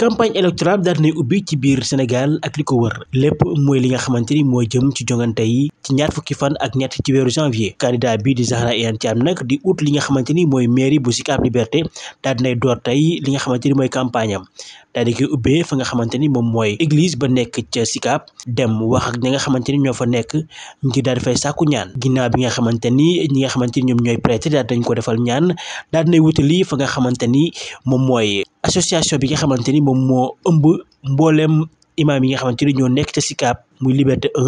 campagne électorale daal nay ubbi ci biir Sénégal ak li ko wër lépp mooy li nga xamante ni mooy jëm ci jongante yi ci ñaar fukki fan ak ñett ci weeru janvier candidat bi di Zahra Iyane Thiam nag di ut li nga xamante ni mooy mairie bu Sicap Liberté daal dinay door tey li nga xamante ni mooy campagne daal di koy ubbee fa nga xamante ni moom mooy église ba nekk ca Sicap dem wax ak ñi nga xamante ni ñoo fa nekk ngir daal di fay sàkku ñaan ginnaaw bi nga xamante ni ñi nga xamante ni ñoom ñooy prêtre daal dañ ko defal ñaan daal dinay wutali fa nga xamante ni moom mooy association bi nga xamante ni moom moo ëmb mbooleem imaam yi nga xamante ni ñoo nekk ca Sicap muy liberté 1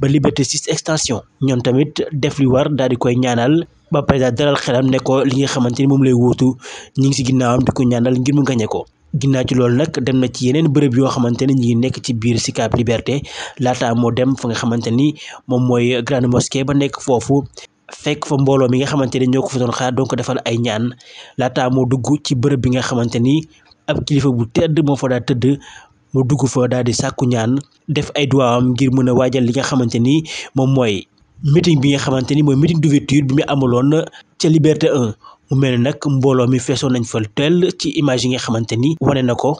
ba liberté 6 extension ñoom tamit def li war daal di koy ñaanal ba président dalal xelam ne ko li nga xamante ni moom lay wóotu ñi ngi si ginnaawam di ko ñaanal ngir mu gañe ko ginnaaw ci loolu nag dem na ci yeneen bërëb yoo xamante ne ñu nekk ci biir Sicap Liberté laata moo dem fa nga xamante ni moom mooy grande mosquée ba nekk foofu fekk fa mbooloo mi nga xamante ne ñoo ko fa doon xaar doon ko defal ay ñaan laata moo dugg ci bërëb bi nga xamante ni ab kilifa bu tëdd moo fa daa tëdd mu dugg foo daal di sàkku ñaan def ay duwaawam ngir mën a waajal li nga xamante ni moom mooy meeting bi nga xamante ni mooy meeting d'ouverture bi mu amaloon ca Liberté 1 mu mel ni nag mbooloo mi feesoon nañ fa teel ci image yi nga xamante ni wane na ko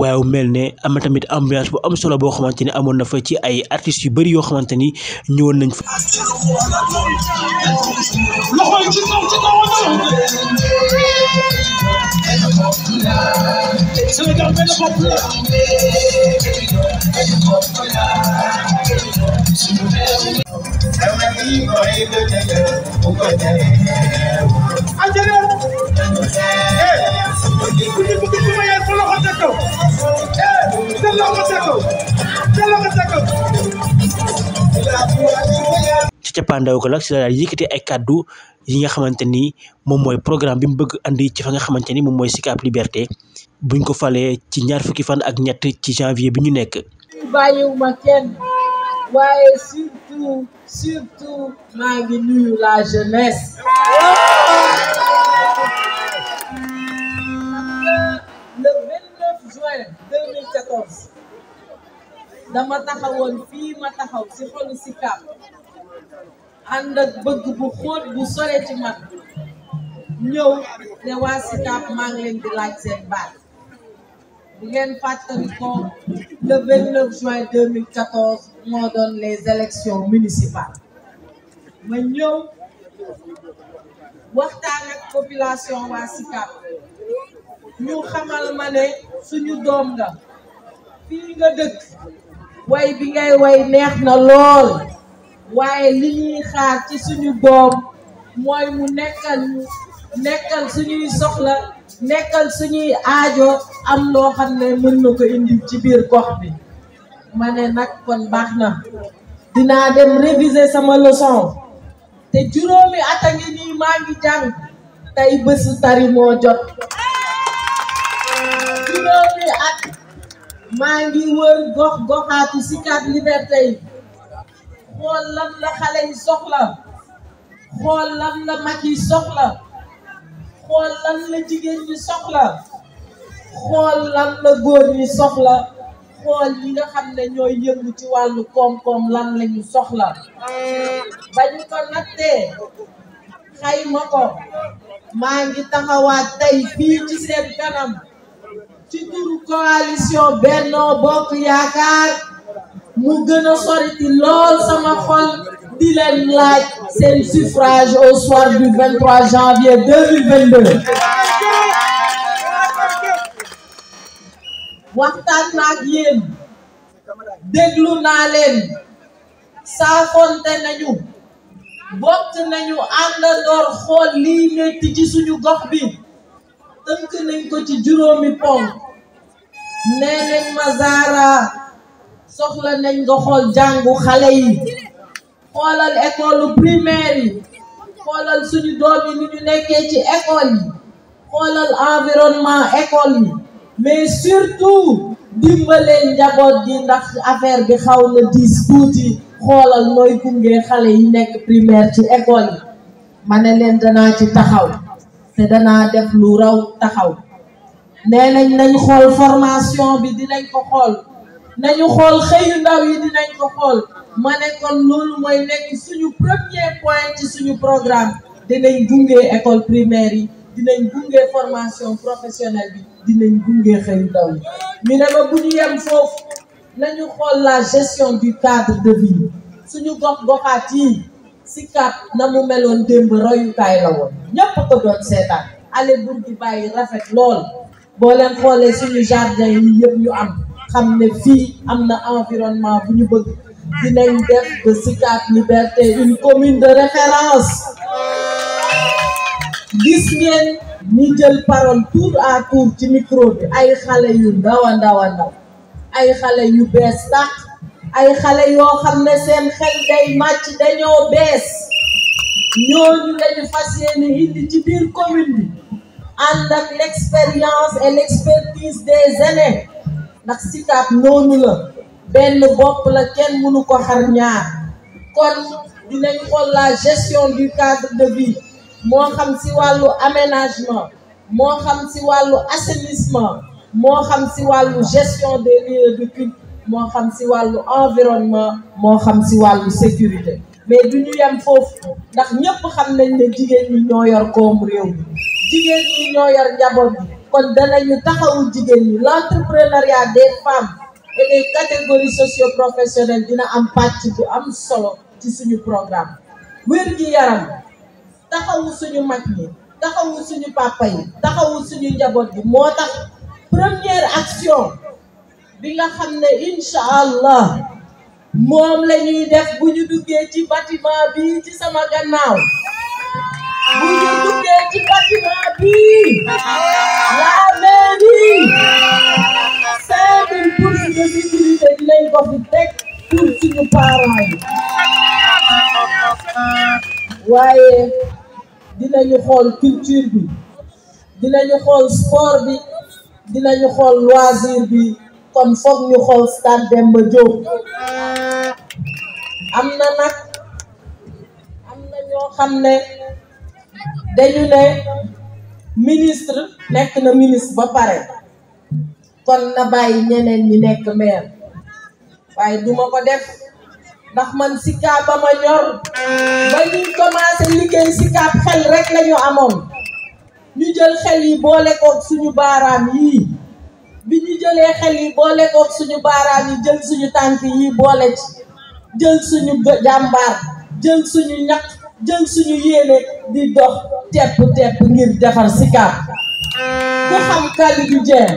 waaye mu mel ni am na tamit ambiance bu am solo boo xamante ni amoon na fa ci ay artistes yu bari yoo xamante ni ñëwoon nañ fa. ci cappaandaw ko nag si la ay kàddu yi nga xamante ni moom mooy programme bi mu bëgg indi ci fa nga xamante ni moom mooy Sicap Liberté buñ ko falee ci ñaar fukki fan ak ñett ci janvier bi ñu nekk. surtout surtout maa nuyu la jeunesse. le juin dama taxawoon fii ma taxaw ci xolu Sicap ànd ak bëgg bu xóot bu sore ci man ne waa Sicap maa ngi leen di laaj seen baat di ngeen juin moo doon les élections municipales ma ñëw waxtaan ak population waa Sicap ñu xamal ma ne suñu doom nga fii nga dëkk way bi ngay way neex na lool waaye li ñuy xaar ci suñu doom mooy mu nekkal ñu nekkal suñuy soxla nekkal suñuy aajo am loo xam ne mën na ko indi ci biir gox bi ma ne nag kon baax na dinaa dem réviser sama leçon te juróomi at a ngi nii maa ngi jàng tey bésu tari moo jot juróomi at maa ngi wër gox goxaatu Sicap Liberté yi xool lan la xale yi soxla xool lan la mag yi soxla xool lan la jigéen ñi soxla xool lan la góor yi soxla xool ñi nga xam ne ñoo yëngu ci wàllu koom-koom lan la ñu soxla ba ñu ko nattee xayma ko maa ngi taxawaat tey fii ci seen kanam ci turu coalition Bennoo Bokk Yaakaar mu gën a soriti lool sama xol di leen laaj seen suffrage au soir du 23 janvier 2022 waxtaan naa ak yéen déglu naa leen saafonte nañu bokk nañu àndandoor xool lii metti ci suñu gox bi tënk nañ ko ci juróomi ponk nee nañ ma Zahra soxla nañ nga xool jàngu xale yi xoolal école primaire yi xoolal suñu doom nu ñu nekkee ci école yi xoolal environnement école yi mais surtout dimbalee njaboot gi ndax affaire bi xaw na diis tuuti xoolal mooy gunge xale yi nekk primaire ci école yi ma ne leen danaa ci taxaw te danaa def lu raw taxaw nee nañ nañ xool formation bi dinañ ko xool nañu xool xëyu ndaw yi dinañ ko xool ma ne kon loolu mooy nekk suñu premier point ci suñu programme dinañ gunge école primaire yi dinañ gunge formation professionnelle bi dinañ gunge xëy ndaw ñi ñu ne ma bu ñu yem foofu nañu xool la gestion du cadre de vie suñu gox goxaat yi Sicap na mu meloon démb royukaay la woon ñëpp ko doon seetaan ale buntu bàyyi rafet lool boo leen xoolee suñu jardin yi yëpp ñu am xam ne fii am na environnement bu ñu bëgg dinañ def de Sicap Liberté une commune de référence gis ngeen ñi jël parole tour à ci micro bi ay xale yu ndaw a ndaw ay xale yu bees tax ay xale yoo xam ne seen xel day màcc dañoo bees ñooñu lañu fas yéene indi ci biir commune bi ànd ak l'expérience et l'expertise des aînés ndax Sicap noonu la benn bopp la kenn mënu ko xar kon dinañ xool la gestion du cadre de vie moo xam si wàllu aménagement moo xam si wàllu assainissement moo xam si wàllu gestion des lieux de culte moo xam si wàllu environnement moo xam si wàllu sécurité mais du ñu yem foofu ndax ñëpp xam nañ ne jigéen ñi ñoo yor koomu réew mi jigéen ñi ñoo yor njaboot bi kon danañu taxawu jigéen ñi l'entrepreneuriat de femmes et des catégories socio-professionnelles dina am pàcc bu am solo ci suñu programme wér gi yaram taxawul suñu mag ñi taxawul suñu papa yi taxawul suñu njaboot bi moo tax première action bi nga xam ne incha allah moom la def bu ñu duggee ci bâtiment bi ci sama gannaaw bu ñu duggee ci bâtiment bi la dinañ ko fi teg pour suñu parents yi waaye dina ñu xool culture bi dinañu xool sport bi dinañu xool loisir bi kon foog ñu xool Stade Demba Diop am na nag am na ñoo xam ne dañu ne ministre nekk na ministre ba pare kon na bàyyi ñeneen ñi nekk maire waaye duma ko def ndax man Sicap ba ma ñor ba ñuy commencé liggéey Sicap xel rek la ñu amoon ñu jël xel yi boole koog suñu baaraam yii bi ñu jëlee xel yi boole suñu baaraam yi jël suñu tànk yi boole ci jël suñu jàmbaar jël suñu ñaq jël suñu yéene di dox tepp tepp ngir defar Sicap ku xam Kalidou Dieng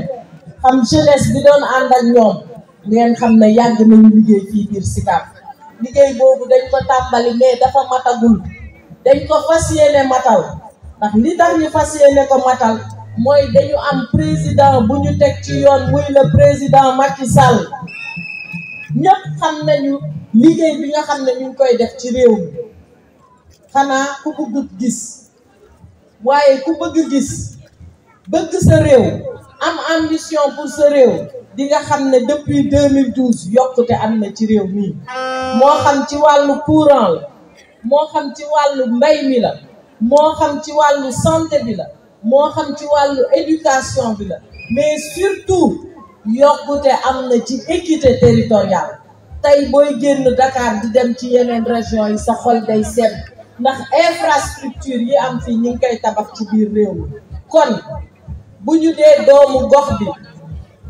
xam jeunesse bi doon ànd ak ñoom ngeen xam ne yàgg nañu liggéey fii biir Sicap liggéey boobu dañ ko tàmbali mais dafa matagul dañ ko fas yéene matal ndax li tax ñu fas yéene ko matal mooy dañu am président bu ñu teg ci yoon muy le président Macky Sall ñëpp xam nañu liggéey bi nga xam ne ñu ngi koy def ci réew mi xanaa ku bëggut gis waaye ku bëgg gis bëgg sa réew am ambition pour sa réew di nga xam ne depuis 2012 yokkute am na ci réew mii moo xam ci wàllu courant la moo xam ci wàllu mbay mi la moo xam ci wàllu santé bi la moo xam ci wàllu éducation bi la mais surtout yokkute am na ci équité territoriale tey booy génn Dakar di dem ci yeneen région yi sa xol day sedd ndax infrastructure yi am fii ñu ngi koy tabax ci biir réew mi kon bu ñu dee doomu gox bi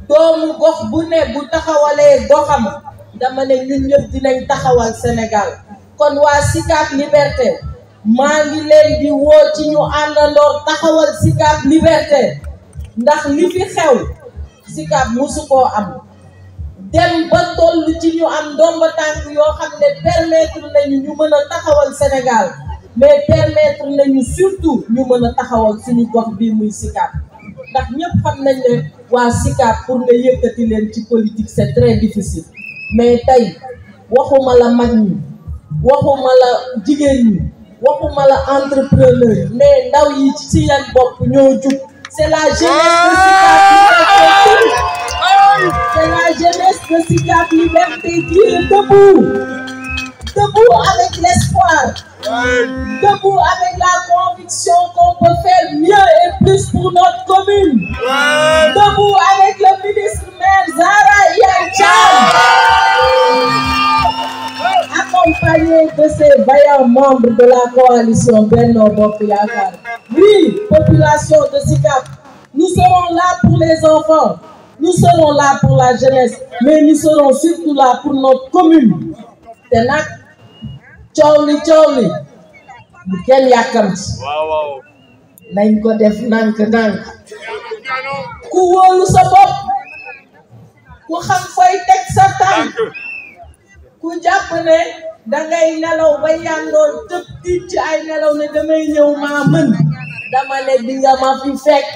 doomu gox bu ne bu taxawalee goxam dama ne ñun ñëpp dinañ taxawal Sénégal kon waa Sicap Liberté maa ngi leen di woo ci ñu àndandoor taxawal Sicap Liberté ndax li fi xew Sicap musu koo am dem ba toll ci ñu am ndomba tànk yoo xam ne permettre nañu ñu mën a taxawal Sénégal mais permettre nañu surtout ñu mën a taxawal suñu gox bii muy Sicap ndax ñëpp xam nañ ne waa SICAP pour nga yëkkati leen ci politique c'est très difficile mais tey waxuma la mag waxuma la jigéen ñi waxuma la entrepreneur mais ndaw yi ci seen bopp ñoo jug c'est la jeunesse de SICAP Liberté c'est la jeunesse de SICAP Debout avec l'espoir. Debout avec la conviction qu'on peut faire mieux et plus pour notre commune. Debout avec le ministre maire Zahra Iyane Thiam. Accompagné de ses vaillants membres de la coalition Benno Bokk Oui, population de Sicap, nous serons là pour les enfants. Nous serons là pour la jeunesse, mais nous serons surtout là pour notre commune. coow li coow li bu kenn nañ ko def ndànk ndànk ku wóolu sa bopp ku xam fooy teg sa ku jàpp ne dangay nelaw ba yàndoor tëb tiit ci ay nelaw ne damay ñëw maa dama ne di nga fekk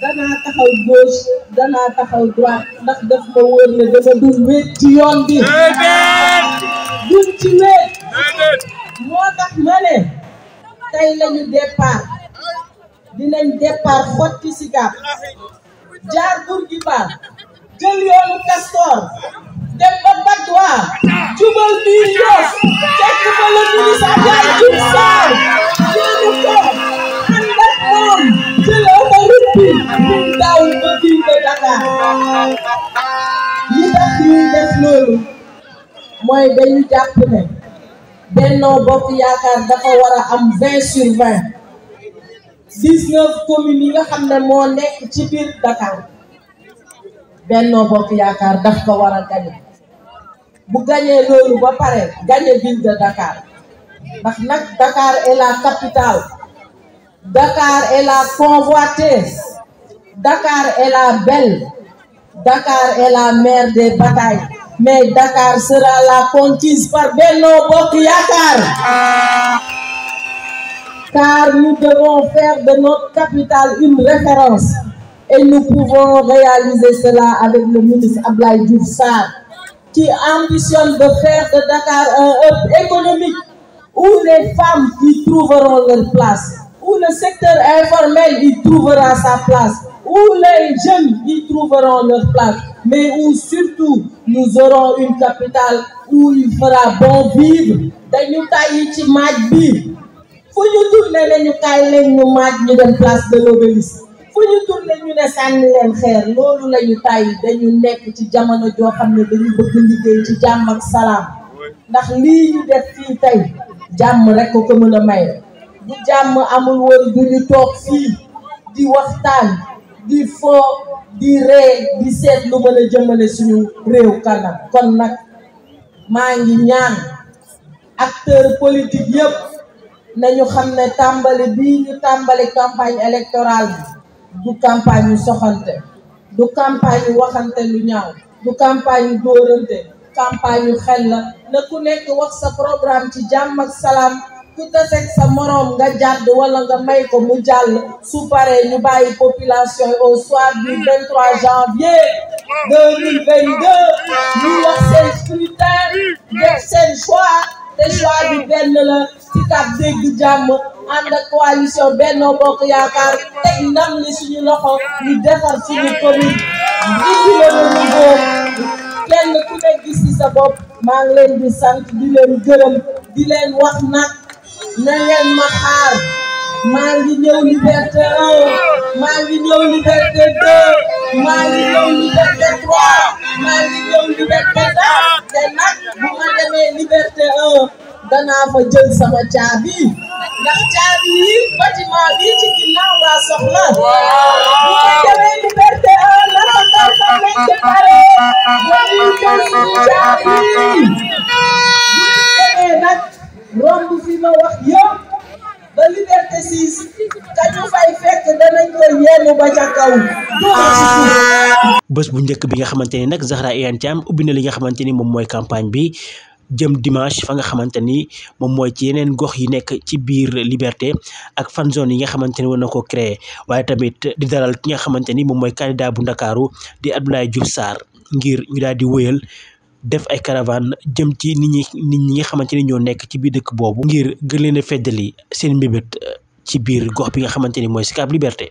danaa taxaw gauche dana taxaw droit ndax daf ma wóor ne dama dul wéet ci yoon bi dul ci wéet moo tax ma ne tey lañu départ dinañ départ xotti Sicap jaar Bourguiba jël yoonu Castor dem ba Patte d'Oie loolu mooy dañu jàpp ne Benno Bokk Yaakaar dafa war a am vingt sur vingt dix yi nga xam ne moo nekk ci biir Dakar Benno Bokk Yaakaar daf ko war a gañe bu gañee loolu ba pare gañe ville de Dakar ndax nag Dakar est la capitale Dakar est la convoitée belle Dakar est la mère des batailles, mais Dakar sera la conquise par Benno Bokk Yakaar. Car nous devons faire de notre capitale une référence et nous pouvons réaliser cela avec le ministre Abdoulaye Diouf Sarr qui ambitionne de faire de Dakar un hub économique où les femmes y trouveront leur place, où le secteur informel y trouvera sa place. où les jeunes y trouveront leur place, mais où surtout nous aurons une capitale où il fera bon vivre dañu tàyyi ci maaj bi fu ñu tourné nañu kay leen ñu maaj ñu dem place de l'Obélisque fu ñu tourné ñu ne sànni leen xeer loolu la ñu tàyyi dañu nekk ci jamono joo xam ne dañuy bëgg liggéey ci jàmm ak salaam ndax lii ñu def fii tey jàmm rek ko ko mën a maye bu jàmm amul woon du ñu toog fii di waxtaan di fo di ree di seet lu mën a jëmale suñu réew kanam kon nag maa ngi ñaan acteur politique yëpp nañu xam ne tàmbali bi ñu tàmbali campagne électorale bi du campagne yu soxante du campagne yu waxante lu ñaaw du campagne yu dóorante campagne yu xel la na ku nekk wax sa programme ci jàmm ak salaam ku taseeg sa moroom nga jàdd wala nga may ko mu jàll su paree ñu bàyyi population yi au soir du 23 janvier 2022 ñu wax seen scrutin def seen choix te choix bi benn la ci kat dégg jàmm ànd ak coalition Benno Bokk Yaakaar teg ndam li suñu loxo ñu defar suñu commune indi la ñu góor kenn ku nekk gis ci sa bopp maa leen di sant di leen gërëm di leen wax nag na leen ma xaar maa ngi ñëw liberté 1 maa ngi ñëw liberté 2 maa ngi ñëw liberté 3 maa ngi ñëw liberté 4 te nag bu ma demee liberté 1 danaa fa jël sama caabi ndax caabi yi bâtiment bi ci ginnaaw laa soxla bu ma demee liberté 1 naka nga fa nekk pare wala ñu jël suñu caabi. ba liberté 6 kañu fay fekk danañ ko yenn ba ca kaw. bés bu njëkk bi nga xamante ni nag Zahra Iyane Thiam ubbi na li nga xamante ni moom mooy campagne bi. jëm dimanche fa nga xamante ni moom mooy ci yeneen gox yi nekk ci biir Liberté ak fan zone yi nga xamante ni war ko créer waaye tamit di dalal ki nga xamante ni moom mooy candidat bu ndakaaru di Abdoulaye Diouf saar ngir ñu daal di woyal def ay caravane jëm ci nit ñi nit ñi nga xamante ni ñoo nekk ci biir dëkk boobu ngir gën leen a feddali seen mbébét eh, ci biir gox bi nga xamante ni mooy Sicap Liberté